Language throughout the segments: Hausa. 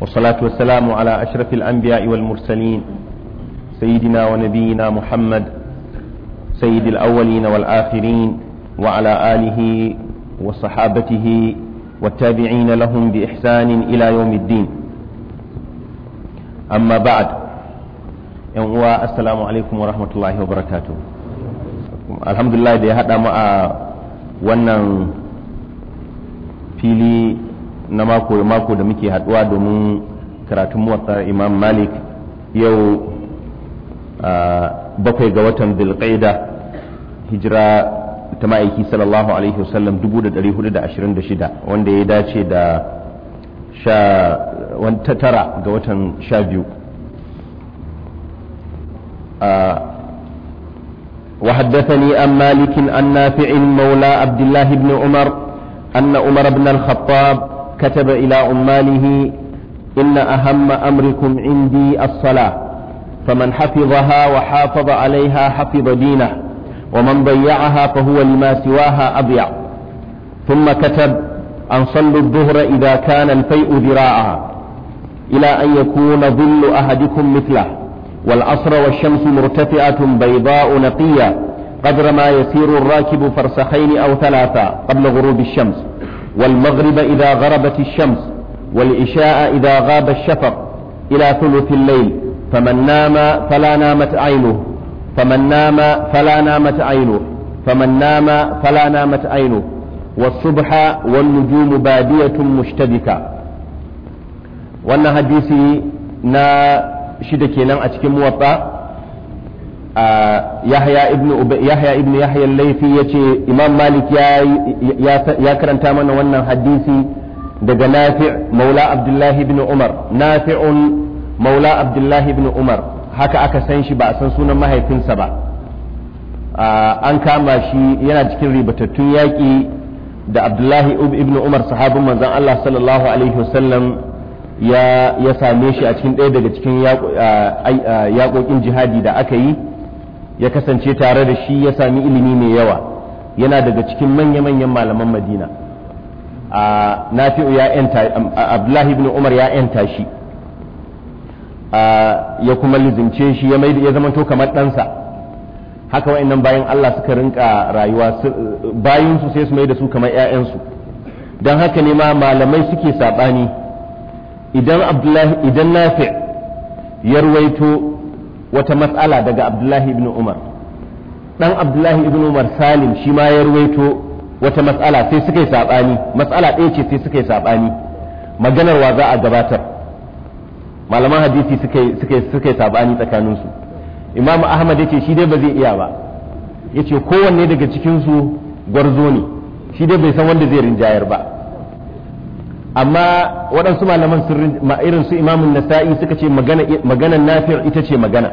والصلاة والسلام على أشرف الأنبياء والمرسلين سيدنا ونبينا محمد سيد الأولين والآخرين وعلى آله وصحابته والتابعين لهم بإحسان إلى يوم الدين أما بعد السلام عليكم ورحمة الله وبركاته الحمد لله دي هذا مع آه، ونن فيلي na mako da mako da muke haduwa domin karatun muwatta imam malik yau bakwai ga watan bilqaida hijira ta ma'aiki sallallahu alaihi wasallam 1426 wanda ya dace da sha ta tara ga watan sha biyu وحدثني عن مالك عن نافع مولى عبد الله بن عمر أن عمر بن الخطاب كتب إلى عماله إن أهم أمركم عندي الصلاة فمن حفظها وحافظ عليها حفظ دينه ومن ضيعها فهو لما سواها أضيع ثم كتب أن صلوا الظهر إذا كان الفيء ذراعها إلى أن يكون ظل أحدكم مثله والعصر والشمس مرتفعة بيضاء نقية قدر ما يسير الراكب فرسخين أو ثلاثة قبل غروب الشمس والمغرب إذا غربت الشمس والعشاء إذا غاب الشفق إلى ثلث الليل فمن نام فلا نامت عينه فمن نام فلا نامت عينه فمن نام فلا نامت عينه والصبح والنجوم بادية مشتبكة وأن حديثي نا شدكي نا أتكي موطأ yahya ibn yahya ibn yahya laifi yace imam malik ya karanta mana wannan hadisi daga nafi' maula abdullahi ibn umar nafi'un maula abdullahi ibn umar haka aka san shi ba a san sunan mahaifinsa ba an kama shi yana cikin ribatattun yaƙi da abdullahi ibn umar sahabin manzon allah sallallahu alaihi wasallam ya same shi a cikin ɗaya daga cikin yaƙoƙin jihadi da aka yi ya kasance tare da shi ya sami ilimi mai yawa yana daga cikin manya-manyan malaman madina a nafi'u ya yanta abdullahi ibn umar ya yanta shi ya kuma lizimce shi ya mai ya zamanto kamar ɗansa haka wa'annan bayan Allah suka rinka rayuwa bayan su sai su mai da su kamar 'ya'yansu don haka ne ma malamai suke saɓani idan abdullahi ya ruwaito wata matsala daga abdullahi ibn umar dan abdullahi ibn umar salim shi ma ya ruwaito wata matsala sai suka yi saɓani matsala ɗaya ce sai suka yi saɓani maganar wa za a gabatar malaman hadisi suka yi saɓani tsakaninsu imamu ahmad yace shi dai ba zai iya ba yace kowanne daga cikin su gwarzo ne shi dai bai san wanda zai rinjayar ba amma waɗansu malaman irin su imamun nasa'i suka ce magana nafiyar ita ce magana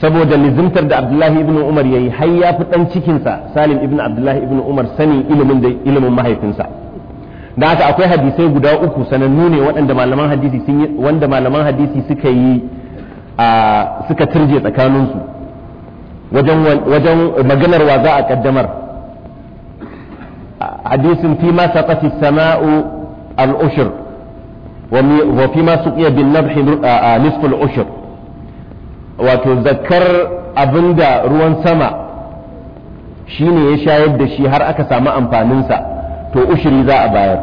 saboda lizimtar da abdullahi ibn umar yi har ya fi ɗan cikinsa salim ibn abdullahi ibn umar sani ilimin da ilimin mahaifinsa da haka akwai hadisai guda uku sanannu ne waɗanda malaman hadisi sun yi wanda malaman hadisi suka yi a suka turje tsakaninsu wajen maganar wa za a kaddamar hadisin fi ma saqati sama'u الأشر وفيما سقي بالنبح نصف الأشر وتذكر أبندا روان سما shine ya shayar da shi har aka samu amfaninsa to ushiri za a bayar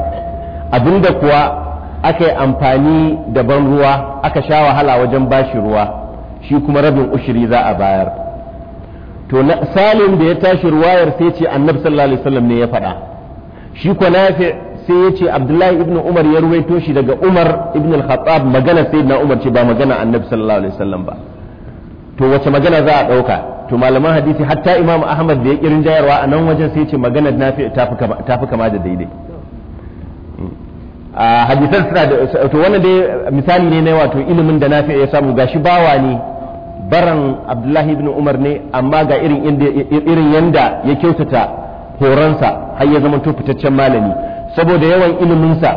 abinda kuwa aka yi amfani da ban ruwa aka sha wahala wajen bashi ruwa shi kuma rabin ushiri za a bayar to salim da ya tashi ruwayar sai ce annabi sallallahu alaihi wasallam ne ya faɗa shi ko nafi sai ya ce abdullahi ibn umar ya ruwaito shi daga umar ibn al-khattab magana na umar ce ba magana annabi sallallahu alaihi wasallam ba to wace magana za a dauka to malaman hadisi hatta imam ahmad da ya kirin jayarwa a nan wajen sai ce magana fi ta fi kama da daidai a hadisan suna da to wannan dai misali ne na wato ilimin da nafi ya samu gashi bawa ne baran abdullahi ibn umar ne amma ga irin irin yanda ya kyautata horonsa har ya zama to fitaccen malami saboda yawan iliminsa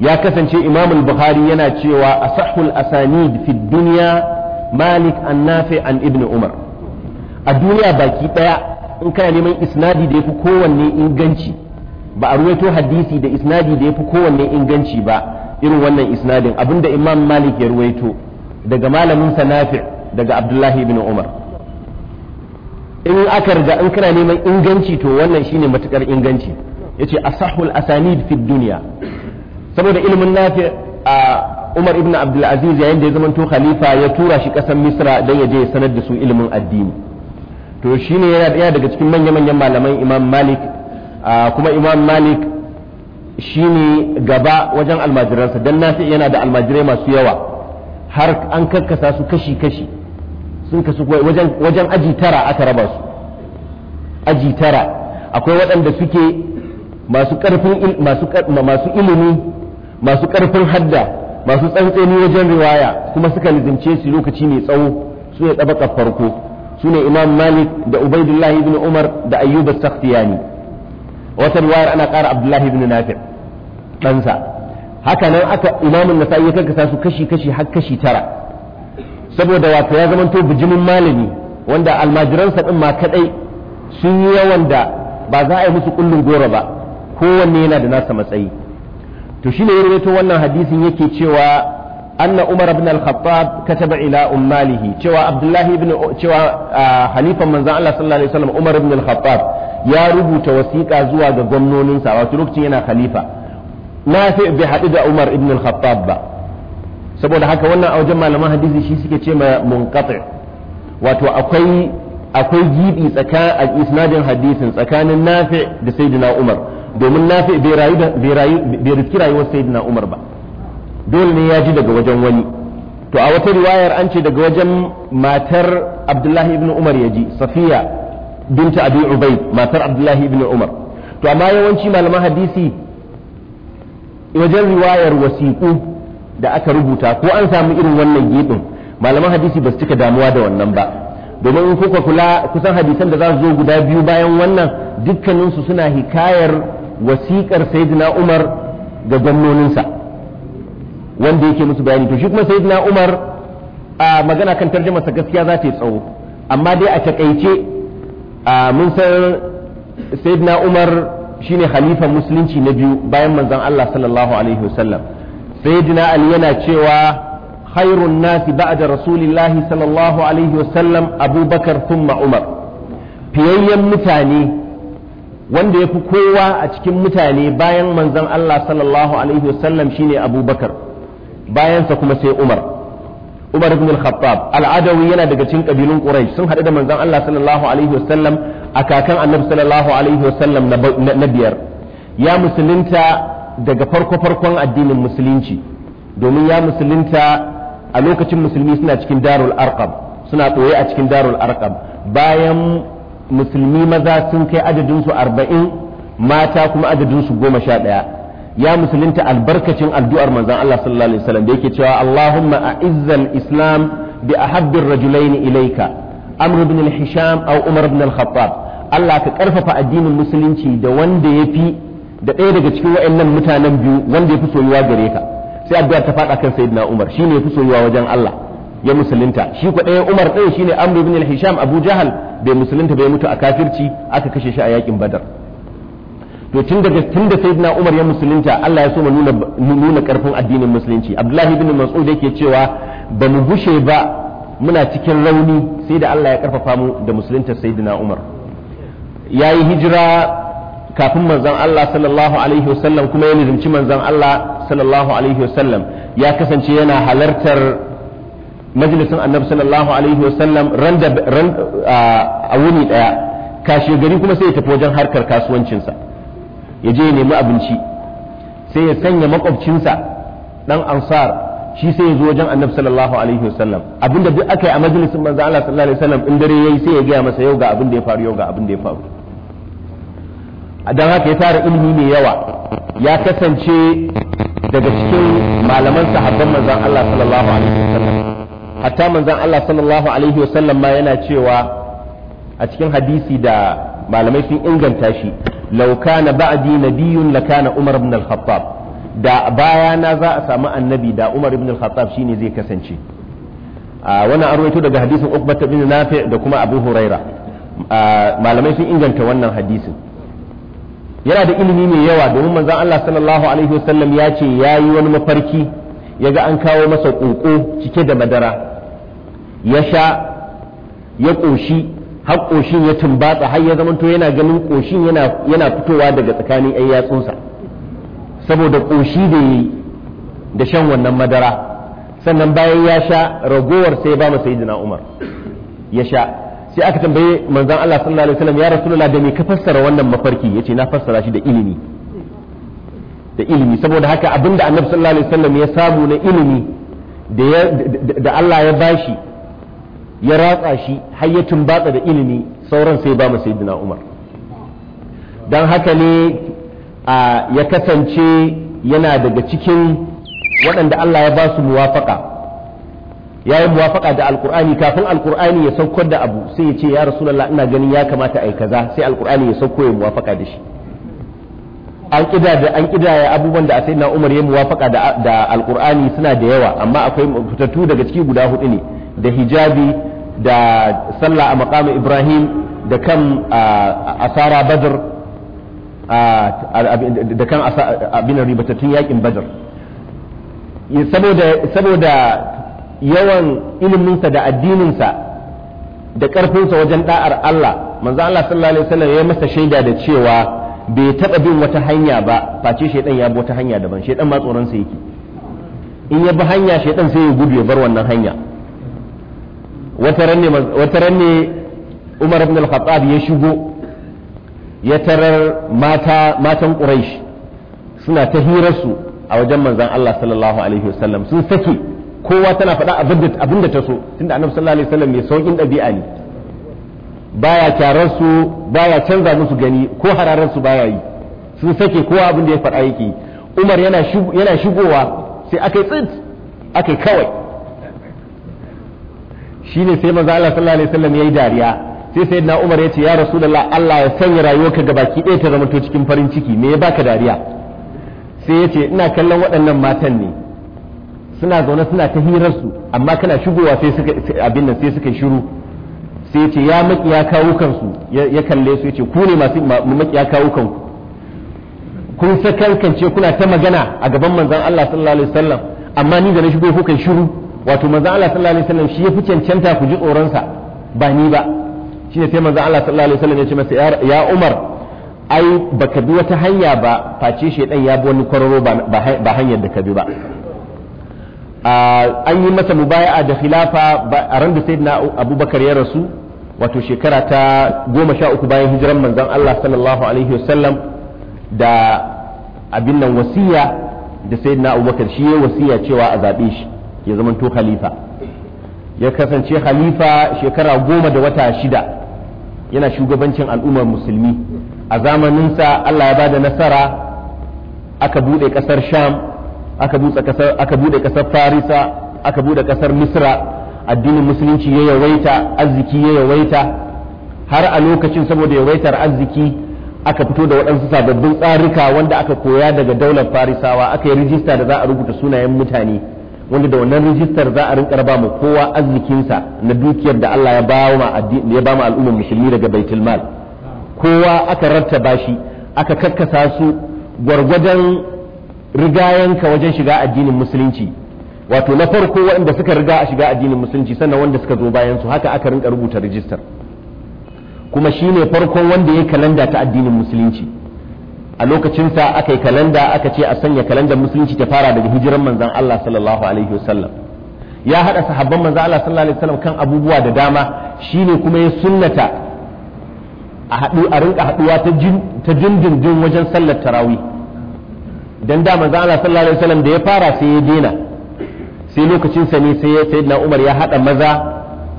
ya kasance imam bukhari yana cewa asahul asanid fi duniya malik an nafi an ibn umar a duniya baki daya in kana neman isnadi da yafi kowanne inganci ba a ruwaito hadisi da isnadi da yafi kowanne inganci ba irin wannan isnadin abinda imam malik ya ruwaito daga malaminsa nafi daga abdullahi ibn umar in aka riga in kana neman inganci to wannan shine matukar inganci yace asahul asanid fi dunya saboda ilimin nafi a Umar ibn Abdul Aziz yayin da ya zamanto khalifa ya tura shi kasan Misra dan ya je ya sanar da su ilimin addini to shine yana daya daga cikin manya-manyan malaman Imam Malik kuma Imam Malik shine gaba wajen almajiransa dan nafi yana da almajirai masu yawa har an karkasa su kashi-kashi sun kasu wajen aji tara aka raba su aji tara akwai waɗanda suke masu karfin masu ilimi masu karfin hadda masu tsantseni wajen riwaya kuma suka lizince su lokaci mai tsawo su ne tsabaka farko su ne imam malik da ubaidullahi ibn umar da ayyub saktiyani sakhtiyani wata riwayar ana ƙara abdullahi ibn nafi' ɗansa haka nan aka imamun nasa'i ya karkasa su kashi kashi har kashi tara saboda wato ya zamanto bijimin malami wanda almajiransa din ma kaɗai sun yi yawan da ba za a yi musu kullun goro ba kowanne yana da nasa matsayi to shine ya rawaito wannan hadisin yake cewa anna umar ibn al-khattab kataba ila ummalihi cewa abdullahi ibn cewa ah, halifan manzon Allah sallallahu alaihi wasallam umar ibn al-khattab ya rubuta wasiƙa zuwa ga gwamnoninsa wato lokacin yana khalifa nafi bai haɗu da umar ibn al-khattab ba saboda haka wannan a wajen malaman hadisi shi suke ce ma munqati wato akwai akwai gibi tsakanin isnadin hadisin tsakanin nafi da sayyidina umar domin nafi bai riski rayuwar sayyidina umar ba dole ne ya ji daga wajen wani to a wata riwayar an ce daga wajen matar abdullahi ibn umar ya ji safiya binta abi ubaid matar abdullahi ibn umar to amma yawanci malaman hadisi wajen riwayar wasiƙu da aka rubuta ko an samu irin wannan gibin malaman hadisi ba su cika damuwa da wannan ba domin in kuka kula kusan hadisan da za su zo guda biyu bayan wannan dukkaninsu suna hikayar wasiƙar sayyidina umar ga gwamnoninsa wanda yake musu bayani to shi kuma sayyidina umar a magana kan masa gaskiya za ta yi tsawo amma dai a takaice mun san sayyidina umar shine khalifan musulunci na biyu bayan manzon Allah sallallahu alaihi wasallam sayyidina ali yana cewa خير nasi Ba'a da الله صلى الله عليه وسلم أبو بكر ثم wanda ya fi kowa a cikin mutane bayan manzon Allah sallallahu alaihi wasallam shine abubakar bayansa kuma sai umar umar ibn al-khattab al-adawi yana daga cikin kabilun quraish sun haɗu da manzon Allah sallallahu alaihi wasallam a kakan annabi sallallahu alaihi wasallam na biyar ya musulunta daga farko farkon addinin musulunci domin ya musulunta a lokacin musulmi suna cikin darul arqam suna tsoye a cikin darul arqam bayan musulmi maza sun kai adadinsu arba'in mata kuma adadinsu goma sha ɗaya ya musulunta albarkacin addu'ar manzan Allah sallallahu alaihi wasallam da yake cewa Allahumma a'izzal islam bi ahabbir rajulaini ilaika amr ibn al-hisham aw umar ibn al-khattab Allah ka karfafa addinin musulunci da wanda fi da ɗaya daga cikin waɗannan mutanen biyu wanda yafi soyuwa gare ka sai addu'a ta faɗa kan sayyidina umar shine yafi soyuwa wajen Allah ya musulunta shi ko ɗaya umar ɗaya shine amr ibn al-hisham abu jahal bai musulunta bai mutu a kafirci aka kashe shi a yakin badar to tun daga tun da sayyidina umar ya musulunta Allah ya so mu nuna nuna karfin addinin musulunci abdullahi ibn mas'ud yake cewa ba mu gushe ba muna cikin rauni sai da Allah ya karfafa mu da musuluntar sayyidina umar yayi hijira kafin manzon Allah sallallahu alaihi wasallam kuma ya nizumci manzon Allah sallallahu alaihi wasallam ya kasance yana halartar majalisin annabi sallallahu alaihi wasallam ran da a wuni daya kashe gari kuma sai ya tafi wajen harkar kasuwancinsa ya je ya nemi abinci sai ya sanya makwabcinsa dan ansar shi sai ya zo wajen annabi sallallahu alaihi wasallam abinda duk aka yi a majalisin manzo Allah sallallahu alaihi wasallam in dare yayi sai ya gaya masa yau ga abin da ya faru yau ga abin da ya faru dan haka ya tara ilimi mai yawa ya kasance daga cikin malaman sahabban manzon Allah sallallahu alaihi wasallam hatta manzan Allah sallallahu alaihi wasallam ma yana cewa a cikin hadisi da malamai sun inganta shi law na ba'di nabiyyun lakana umar ibn al-khattab da bayana za a samu annabi da umar ibn al-khattab shine zai kasance wannan an daga hadisin Uqbah bin Nafi da kuma Abu Huraira malamai sun inganta wannan hadisin yana da ilimi mai yawa domin manzan Allah sallallahu alaihi wasallam ya ce yayi wani mafarki yaga an kawo masa ƙoƙo cike da madara ya sha ya ƙoshi har ƙoshin ya tumbatsa har ya zamanto yana ganin ƙoshin yana fitowa daga tsakanin 'yan yatsunsa saboda ƙoshi da yi da shan wannan madara sannan bayan ya sha ragowar sai ba masa yi Umar ya sha sai aka tambaye manzon Allah sallallahu alaihi wasallam ya rasulullah da me ka fassara wannan mafarki yace na fassara shi da ilimi da ilimi saboda haka abinda annabi sallallahu alaihi wasallam ya samu na ilimi da Allah ya bashi ya ratsa shi har ya tumbatsa da ilimi sauran sai ba mu sayyidina Umar dan haka ne ya kasance yana daga cikin waɗanda Allah ya ba su muwafaka ya yi muwafaka da alkur'ani kafin alkur'ani ya saukar da abu sai ya ce ya rasulallah ina ganin ya kamata a yi kaza sai alkur'ani ya sauko ya muwafaka da shi an kida da an kidaya abubuwan da sayyidina Umar ya muwafaka da alkur'ani suna da yawa amma akwai fitattu daga ciki guda hudu ne da hijabi da sallah a maqamu ibrahim da kan asara badr da kan abin ribatattun yakin badr saboda yawan iliminsa da addininsa da ƙarfinsa wajen da'ar Allah manzo Allah sallallahu alaihi wasallam ya masa shaida da cewa bai taɓa bin wata hanya ba face shaidan ya bi wata hanya daban shaidan ma tsoron sa yake in ya bi hanya shaidan sai ya gudu ya bar wannan hanya Wataranne umar ibn al-khattab ya shigo ya tarar mata matan quraish suna ta hirarsu a wajen manzon Allah sallallahu alaihi wasallam sun saki kowa tana faɗa abin da ta so tunda annabi sallallahu alaihi wasallam mai saukin ɗabi'a ne baya kyarar su baya canza musu gani ko hararar su baya yi sun sake kowa abin da ya faɗa yake umar yana shigowa sai aka yi tsit aka yi kawai shine sai manzo Allah sallallahu alaihi wasallam yayi dariya sai na Umar ya ce ya rasulullah Allah ya sanya rayuwarka ga baki ɗaya ta zamanto cikin farin ciki me ya baka dariya sai ya ce ina kallon waɗannan matan ne suna zaune suna ta hirar su amma kana shigowa sai suka abin nan sai suka shiru sai yace ce ya makiya kawo kansu ya kalle su ya ce ku ne masu makiya kawo kanku kun sakankance kuna ta magana a gaban manzon Allah sallallahu alaihi wasallam amma ni da na shigo kuka shiru wato manzo Allah sallallahu alaihi wasallam shi ya fi cancanta ku ji tsoron sa ba ni ba shi ne sai manzo Allah sallallahu alaihi wasallam ya ce masa ya Umar ai baka bi wata hanya ba face dan ya bi wani kwararo ba hanyar da ka bi ba an yi masa mubaya'a da khilafa a ran da sayyidina Abubakar ya rasu wato shekara ta goma sha uku bayan hijiran manzon Allah sallallahu alaihi wasallam da abin nan wasiya da sayyidina Abubakar shi ya wasiya cewa a zaɓe shi ya zamanto khalifa ya kasance khalifa shekara goma da wata shida yana shugabancin al'ummar musulmi a zamaninsa Allah ya da nasara aka bude kasar sham aka bude kasar farisa aka bude kasar misra addinin musulunci ya yawaita arziki ya yawaita har a lokacin saboda yawaitar arziki aka fito da waɗansu sababbin tsarika wanda aka koya daga daular farisawa aka yi rijista da za a rubuta sunayen mutane wanda da wannan rijistar za a rinka ba mu kowa arzikinsa na dukiyar da Allah ya ba mu ya ba mu al'ummar musulmi daga baitul mal kowa aka rattaba shi aka kakkasa su gwargwadon rigayanka wajen shiga addinin musulunci wato na farko wanda suka riga a shiga addinin musulunci sannan wanda suka zo bayan su haka aka rinka rubuta rijistar kuma shine farkon wanda ya kalanda ta addinin musulunci a lokacinsa aka yi kalanda aka ce a sanya kalandar musulunci ta fara daga hijiran manzan Allah sallallahu alaihi wasallam ya haɗa sahabban manzan Allah sallallahu alaihi wasallam kan abubuwa da dama shine kuma ya sunnata a haɗu a rinka haɗuwa ta dindindin wajen sallar tarawih dan da manzan Allah sallallahu alaihi wasallam da ya fara sai ya daina sai lokacinsa ne sai sayyidina Umar ya haɗa maza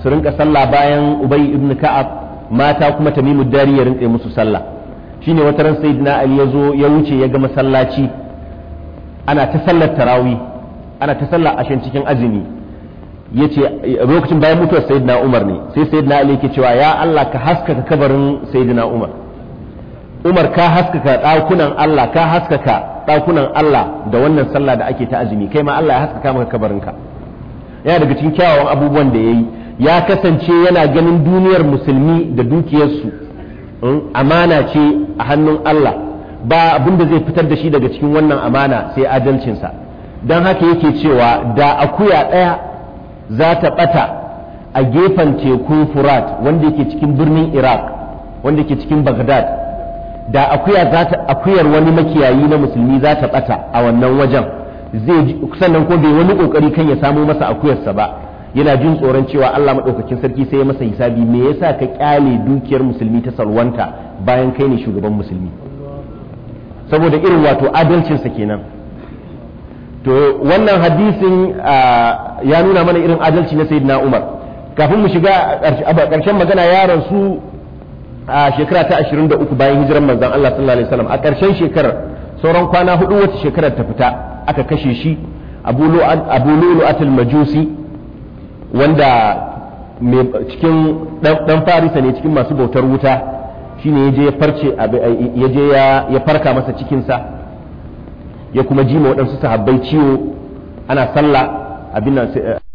su rinka sallah bayan Ubay ibn Ka'ab mata kuma Tamimu Dari ya rinka musu sallah shine wata ran sayyidina ali ya zo ya wuce ya ga masallaci ana ta sallar tarawi ana ta sallar ashen cikin azumi yace lokacin bayan mutuwar sayyidina umar ne sai sayyidina ali yake cewa ya Allah ka haskaka kabarin sayyidina umar umar ka haskaka ɗakunan Allah ka haskaka dakunan Allah da wannan sallah da ake ta azumi kai ma Allah ya haskaka maka kabarinka yana daga cikin kyawawan abubuwan da ya yi ya kasance yana ganin duniyar musulmi da dukiyarsu amana ce a hannun Allah ba abin da zai fitar da shi daga cikin wannan amana sai adalcinsa don haka yake cewa da akuya ɗaya za ta ɓata a gefen tekun furat wanda yake cikin birnin iraq wanda yake cikin baghdad da akuya za ta akuyar wani makiyayi na musulmi za ta ɓata a wannan wajen zai sannan ko bai wani ƙoƙari kan ya samo masa akuyarsa ba yana jin tsoron cewa Allah maɗaukakin sarki sai ya masa hisabi me yasa ka kyale dukiyar musulmi ta salwanta bayan kai ne shugaban musulmi saboda irin wato adalcinsa kenan to wannan hadisin ya nuna mana irin adalci na sayyidina Umar kafin mu shiga ƙarshen magana yaron su a shekara ta 23 bayan hijiran manzon Allah sallallahu alaihi wasallam a ƙarshen shekarar sauran kwana hudu wata shekarar ta fita aka kashe shi Abu Lu'atul Majusi wanda cikin dan farisa ne cikin masu bautar wuta shine ya je ya je ya farka masa cikinsa ya kuma ji ma waɗansu sahabbai ciwo ana sallah abin nan